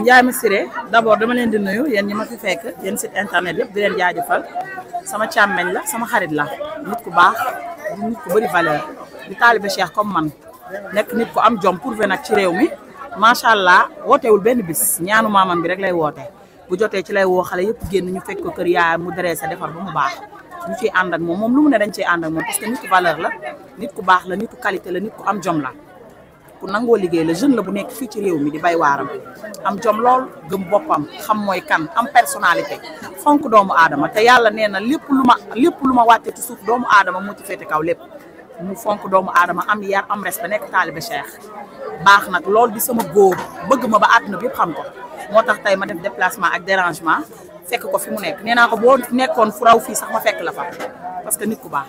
Ndiaye ma Siré d' abord dama leen di nuyu yéen ñi ma fi fekk yéen site internet yëpp di leen jaajëfal sama càmmeñ la sama xarit la nit ku baax di nit ku bëri valeur di taalibe Cheikh comme man nekk nit ku am jom prouvé nag ci réew mi macha allah wootewul benn bis ñaanu maamam bi rek lay woote bu jotee ci lay woo xale yëpp génn ñu fekk ko kër yaayam mu dressé defar ba mu baax ñu ciy ànd ak moom moom lu mu ne dañ ciy ànd ak moom parce que nit ku valeur la nit ku baax la nit ku qualité la nit ku am jom la. nangoo liggéey la jeune la bu nekk fii ci réew mi di bay waaram am jom lool gëm boppam xam mooy kan am personnalité fonk doomu aadama te yàlla nee na lépp lu ma lépp lu ma wàcce ci suuf doomu aadama moo ci féete kaw lépp mu fonk doomu aadama am yar am respect nekk taalibe Cheikh baax nag lool di sama góor bëgg ma ba àdduna bi yëpp xam ko moo tax tey ma def déplacement ak dérangement fekk ko fi mu nekk nee naa ko boo nekkoon fu raw fii sax ma fekk la fa parce que nit ku baax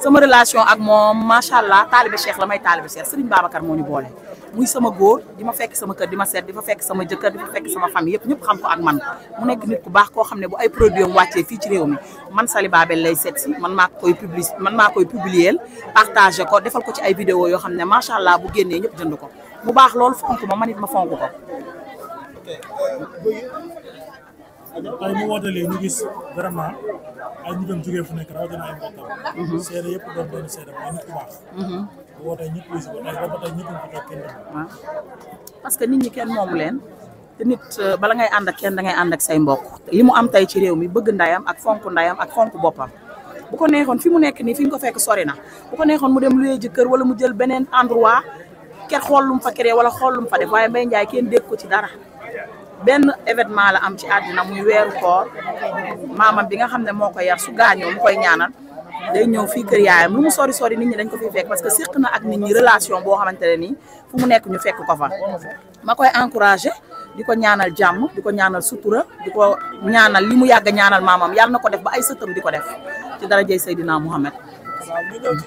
sama relation ak moom macha allah taalibe Cheikh la may taalibe Cheikh Serigne Babacar moo ñu boole muy sama góor di ma fekk sama kër di ma seet di fa fekk sama jëkkër di fa fekk sama famille yëpp ñëpp xam ko ak man mu nekk nit ku baax koo xam ne bu ay produit am fii ci réew mi man Sali Babel lay seet si man maa koy publi man maa koy publier partagé ko defal ko ci ay vidéo yoo xam ne macha allah bu génnee ñëpp jënd ko mu baax loolu fonk ma man it ma fonk ko. ok. Euh, tey gis vraiment. ay nitam jógee fu nekk mhm. mhm. parce que nit ñi ken moomu leen. te nit euh, bala ngay ànd ak kenn da ànd ak say mbokk. li mu am tey ci réew mi bëgg ndayam ak fonk ndayam ak fonk boppam. bu ko neexoon fi mu nekk nii fi ñu ko fekk sori na bu ko neexoon mu dem luyee ji kër wala mu jël beneen endroit ker xool lu mu fa créé wala xool fa def waaye Mbaye Ndiaye kenn dégg ko ci dara. benn événement la am ci àddina muy weeru koor maamam bi nga xam ne moo ko yar su gaañoo mu koy ñaanal day ñëw fii kër yaayam lu mu sori sori nit ñi dañ ko fi fekk parce que séq na ak nit ñi relation boo xamante ne nii fu mu nekk ñu fekk ko fa ma koy encouragé di ko ñaanal jàmm di ko ñaanal sutura di ko ñaanal li mu yàgg a ñaanal maamam yàlla na ko def ba ay sëtam di ko def ci darajay Seydina Mouhamed. waaw ñu ñëw ci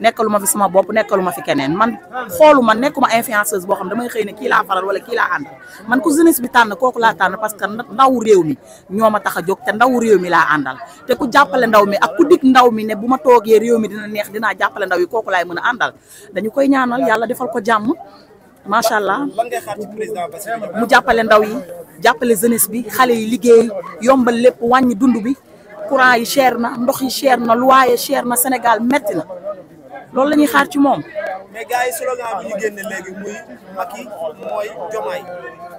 nekkaluma fi sama bopp nekkalu ma fi keneen man xooluma nekkuma influenceuse boo xam damay xëy ne kii laa faral wala kii laa àndal man ku jeunesse bi tànn kooku laa tànn parce que ndaw réew mi ñoo ma tax a jóg te ndaw réew mi laa àndal te ku jàppale ndaw mi ak ku dig ndaw mi ne bu ma toogee réew mi dina neex dina jàppale ndaw yi kooku laay mën a àndal dañu koy ñaanal yàlla defal ko jàmm macha allah mu jàppale ndaw yi jàppale jeunesse bi xale yi liggéey yombal lépp wàññi dund bi courant yi cher na ndox yi cher na loyer cher na Sénégal metti na loolu la ñuy xaar ci moom. mais gars yi slogan bi ñu génne léegi muy Macky mooy Diomaye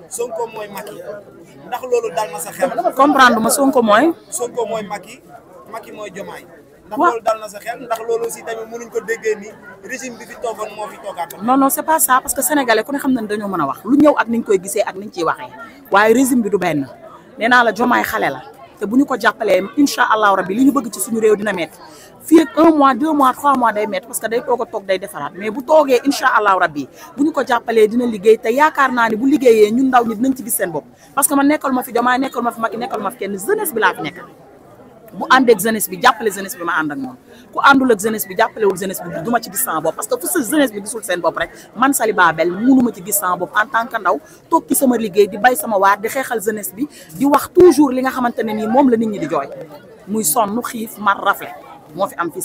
Sonko mooy Macky ndax loolu dal na sa xel. comprendre ma Sonko mooy. Sonko mooy Macky mooy Diomaye. ndax loolu dal na sa xel ndax loolu aussi tamit mënuñ ko déggee ni régime bi fi toogoon moo fi toogaat. non non c'est pas ça parce que sénégalais ku ne xam na ne dañoo mën a wax lu ñëw ak niñ koy gisee ak niñ ciy waxee waaye régime bi du bay na nee naa la Diomaye xale la. te bu ko jappalé incha allahu rabbi liñu bëgg ci suñu réew dina metti fi ak 1 mois 2 mois 3 mois day metti parce que day toog a toog day défarat mais bu togué incha allahu rabbi buñu ko jappalé dina liggéey te yaakar naa ni bu liggéeyee ñun ndaw ñi dinañ ci gis seen bop parce que man nekkal ma fi jomaa nekkal ma fi mag nekkal ma fi kenn jeunesse bi la fi nekkal bu àndeeg jeunesse bi appelez jeunesse bi ma ak ku ak jeunesse bi appelez jeunesse bi duma ci parce que jeunesse bi man Saliba bel, ci en tant que ndaw sama liguey di bay sama war di les jeunesse bi di wax toujours li nga xamantene ne mom la nit ñi di joy muy mar rafle mo fi am fi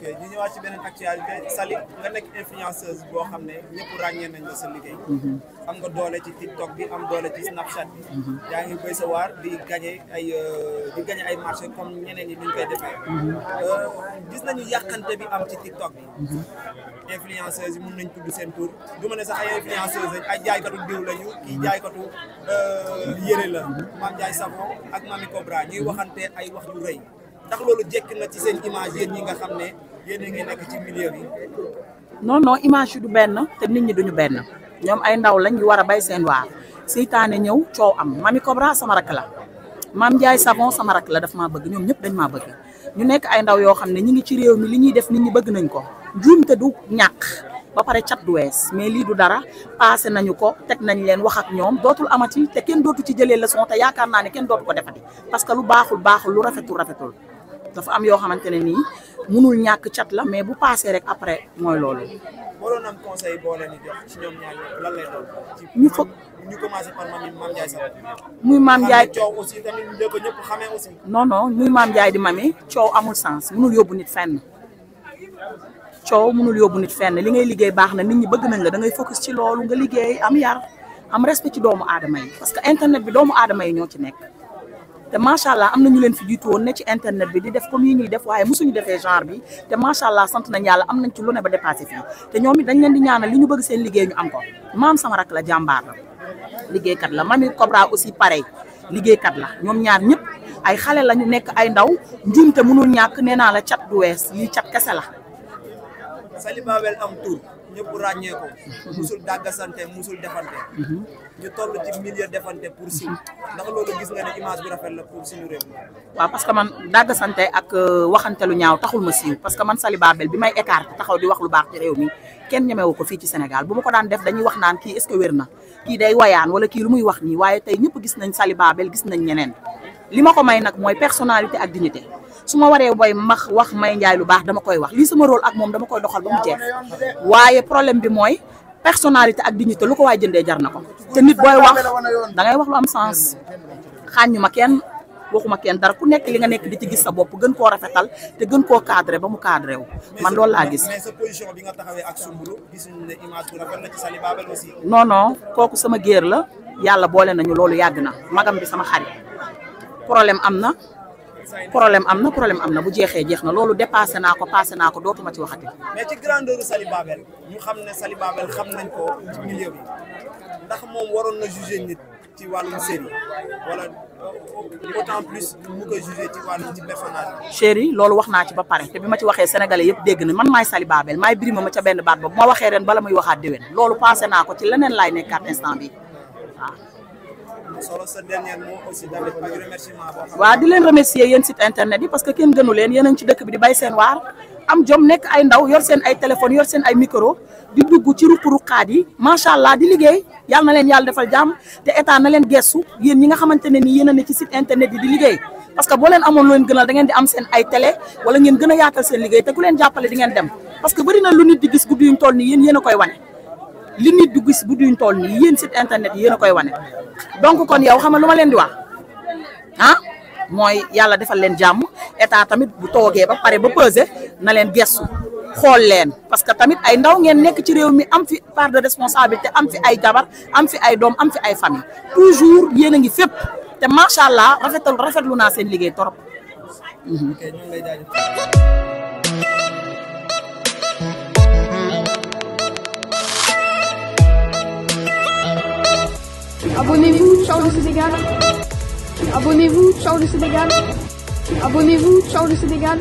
ok ñu ñëwaat ci beneen actualité Sally nga nekk influenceuse boo xam ne ñëpp ràññee nañ la sa liggéey. Mhm. am nga doole ci TikTok bi am doole ci Snapchat bi. Mhm. yaa ngi béy sa waar di gagné ay euh, di gagné ay marché comme ñeneen ñi duñ koy defee. Mhm. Euh, gis nañu yàqante bi am ci TikTok bi. influenceuse yi mun nañ tudd seen tur du ma ne sax ay influenceuse lañ ay jaaykatu diw lañu kii jaaykatu euh, yére la Mame sa Savon ak Mamy Cobra ñuy waxante ay wax yu rëy ndax loolu jëkk na ci seen image yéen ñi nga xam ne. yéen a ngi nekk ci milieu bi. non non image yi du benn te nit ñi duñu benn ñoom ay ndaw lañ yu war a bay seen waar seytaane ñëw coow am mami Cobra sama rak la maam njaay Savon sama rak la daf maa bëgg ñoom ñëpp dañ maa bëgg ñu nekk ay ndaw yoo xam ne ñi ngi ci réew mi li ñuy def nit ñi bëgg nañ ko te du ñàkk ba pare cat du wees mais lii du dara passé nañu ko teg nañ leen wax ak ñoom dootul amati te kenn dootu ci jëlee leçon te yaakaar naa ne kenn dootu ko defati parce que lu baaxul baaxul lu rafetul rafetul. dafa am yoo xamante ne nii munul ñàkk cat la mais bu paasee rek après mooy loolu. waroon conseil boo leen di jox ñu fa ñu muy Mame Ndiaye coow aussi tamit ñëpp xamee aussi. non non muy Mame Ndiaye di mami coow amul sens munul yóbbu nit fenn. coow munul yóbbu nit fenn li ngay liggéey baax na nit ñi bëgg nañ la da ngay focus ci loolu nga liggéey am yar am respect ci doomu aadama yi parce que internet bi doomu aadama yi ñoo ci nekk. te macha allah am na ñu leen fi jiitu woon ne ci internet bi di def comme yi ñuy def waaye mosuñu defee genre bi te macha allah sant nañ yàlla am nañ ci lu ne ba dépassé fii te ñoom dañ leen di ñaana li ñu bëgg seen liggéey ñu am ko maam sama rak la jàmbaar la liggéeykat la mami Cobra aussi pareil liggéeykat la ñoom ñaar ñëpp ay xale la ñu nekk ay ndaw njuumte mënul ñàkk nee naa la cat du wees lii cat kese la. Salibawel am tur ñëpp ràññee ko musul dàggasante musul defante ñu toll ci milieu defante pour si na loolu gis nga ne image bu rafet la pour suñu réew waaw parce que man dàggasante ak euh, waxante lu ñaaw taxul ma siiw parce que man Salibawel bi may écarté taxaw di wax lu baax ci réew mi kenn ñemewu ko fii ci Sénégal bu ma ko daan def dañuy wax naan kii est-ce que wér na kii day wayaan wala kii lu muy wax nii waaye tey ñëpp gis nañ Salibawel gis nañ ñeneen li ma ko may nag mooy personnalité ak dignité su ma waree boy max wax May Njaay lu baax dama koy wax lii sama rôle ak moom dama koy doxal ba mu jeex waaye problème bi mooy personnalité ak ñu dignité lu ko waay jëndee jar na ko te nit booy wax dangay wax lu am sens xàññu ma kenn waxuma kenn dara ku nekk li nga nekk di ci gis sa bopp gën koo rafetal te gën koo cadré ba mu cadré wu man loolu laa gis. mais bi nga taxawee ak Soumboulou gis nañu ne kooku sama géer la yàlla boole nañu loolu yàgg na magam bi sama xarit problème am na. problème amna problème amna bu jexé jexna lolu dépassé nako passé nako dotuma ci waxati. mais ci grandeur Sali Babel ñu xamné Sali Babel xam nañ ko ci milieu bi ndax mom waron na juger nit ci walu série wala autant plus mu ko juger ci walu ci personnage. chéri lolu waxna ci ba pare te bima ci waxé sénégalais yëpp dégg na man may Sali Babel may birima ma ca benn baat ba mo waxé ren bala muy waxaat déwén lolu passé nako ci lenen lay nekkat instant bi waaw. Wadilin di leen remercier site internet di, parce que kenn gënu leen yéen ci di bay seen war am jom nek ay ndaw yor seen ay téléphone yor seen ay micro di dugg ci ruq-ruqaat yi macha di liggéey yàlla na leen yàlla defal jàmm te état na leen gestu yéen ñi nga xamante ni ci internet di liggéey Pas que boo leen amoon loo leen gënal da ngeen di am seen ay télé wala ngeen gën yaatal seen liggéey te ku leen jàppale di dem Pas que bëri na lu nit di gis guddi yuñ toll ni yéen yéen li nit du gis bu duñ tool nii yéen site internet yéen koy wane donc kon yow xam nga lu ma leen di wax ah mooy yàlla defal leen jàmm état tamit bu toogee ba pare ba peser na leen gestu xool leen parce que tamit ay ndaw ngeen nekk ci réew mi am fi part de te am fi ay jabar am fi ay doom am fi ay famille toujours yéen a ngi fépp te macha allah rafetal rafetlu naa seen liggéey torop. Mhm. Abonnez-vous, Charles le Sénégal. Abonnez-vous, Charles le Sénégal. Abonnez-vous, Charles le Sénégal.